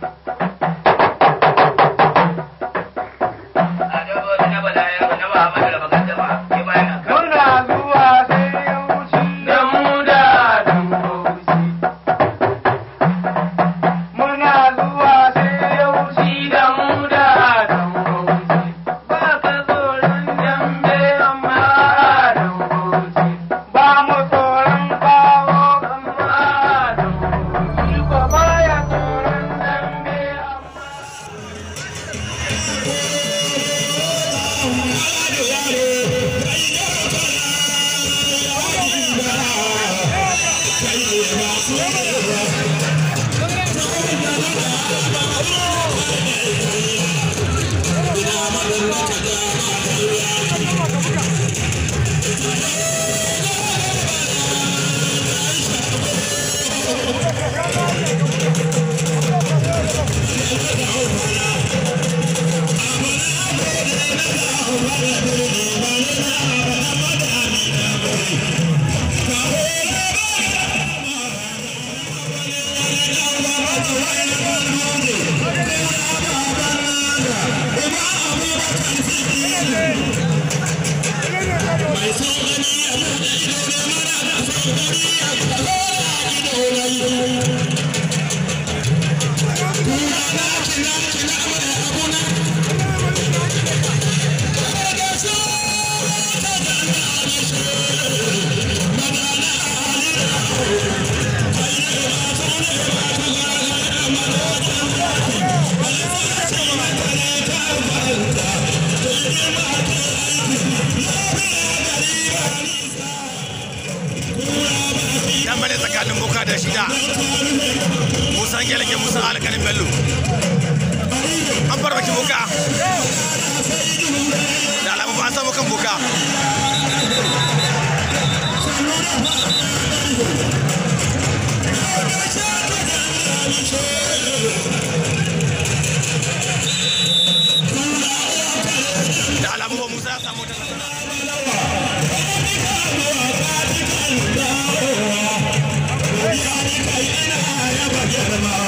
¡Sí! saran gyalake musa alkanin bello an bar baki buka kan buka musa samu ta Yeah. Dynamite.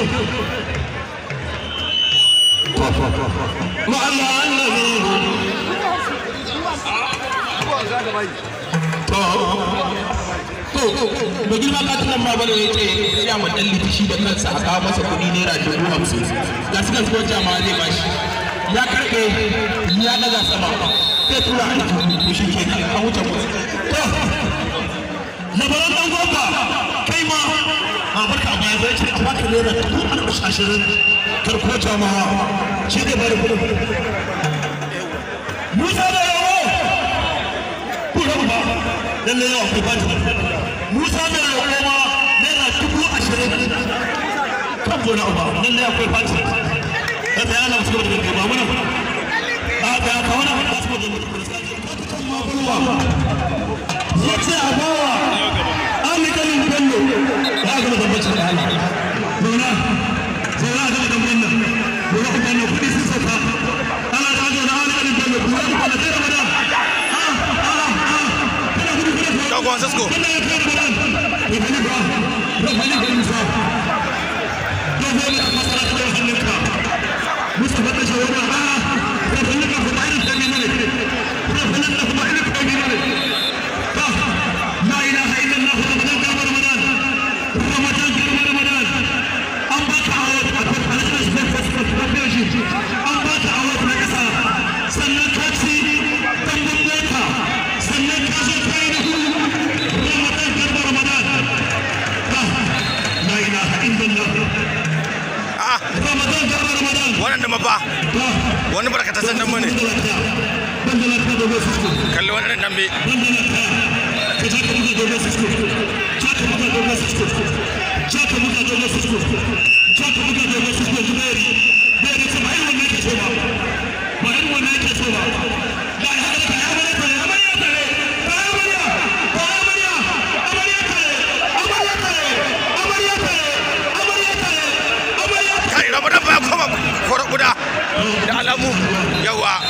مع النبي to girma katunan ma bane ya ce ya ma litishi da kansa a kawo masa kuɗi naira dubu hamsin ga su kansu wacce ma zai bashi ya karɓe ya ɗaga sama zai tura a ke wuce mutu Na labaran ɗan gwamba kai ma ce a baka naira dubu arba'in ashirin karko jama'a shi ne bada kuɗin musa da yawo ku ba lalle yawa ku ba musa da yawo ma naira dubu ashirin kan gona ba lalle akwai fati da ta yana musu gaba da ba mana a ta kawo na fata su gaba da mutum da sa ce kwatukan ma bulwa zuciya Francisco. Mustafa kalli wannan dambe da alamu yawa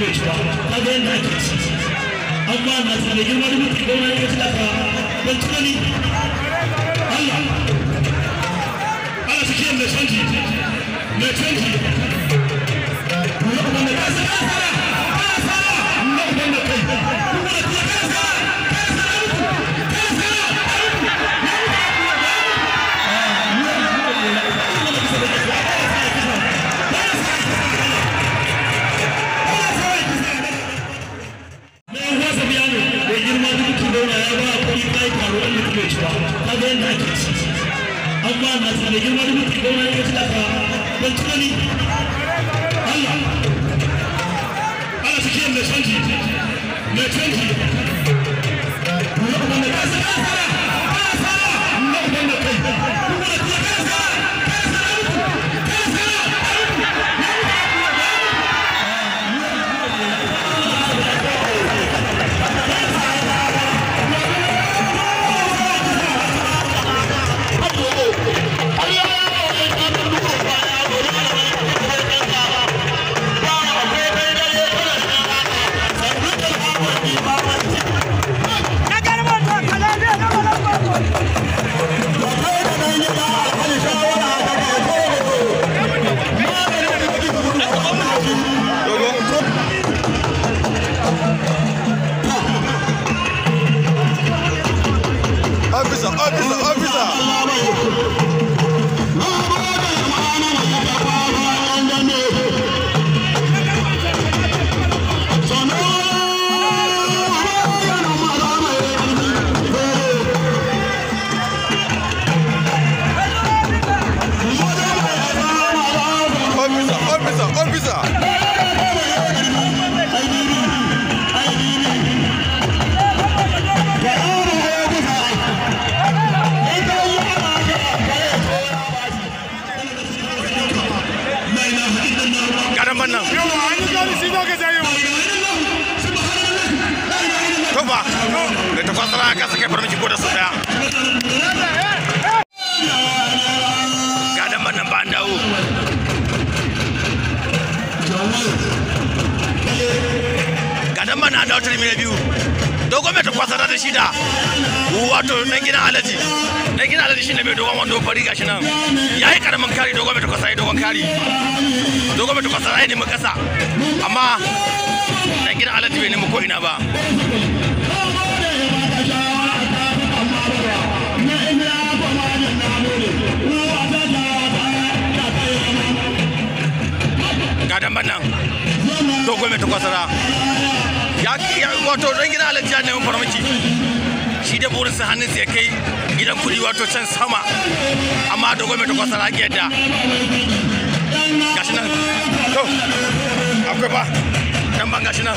bai ci ba ta ga yadda ake ci amma na ta da girma da mutum da wani ya ci da ka ban ci gani Allah ana cikin mai canji mai canji Kuma da kai, kuma da kai, kuma da kai, wannan na bandau gadan bana da wata rimina biyu dogon mai takwasa da shida wato na gina alaji na gina alaji shi ne mai dogon wando fari gashi nan ya yi karamin kari dogon mai takwasa ya dogon kari dogon mai takwasa ya nemi kasa amma na gina alaji bai nemi ko ina ba kwasara ya wato dan gidan alhaji ya nemi farmaki shi da burinsa hannunsa ya kai gidan kudi wato can sama amma da gwamnati kwasara ake gashi nan to akwai ba dan ban gashi nan